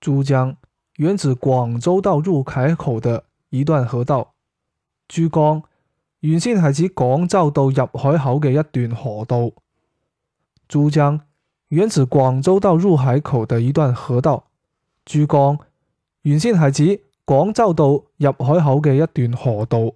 珠江原指廣州到入海口的一段河道，珠江原先係指廣州到入海口嘅一段河道。珠江原指廣州到入海口的一段河道，珠江原先係指廣州到入海口嘅一段河道。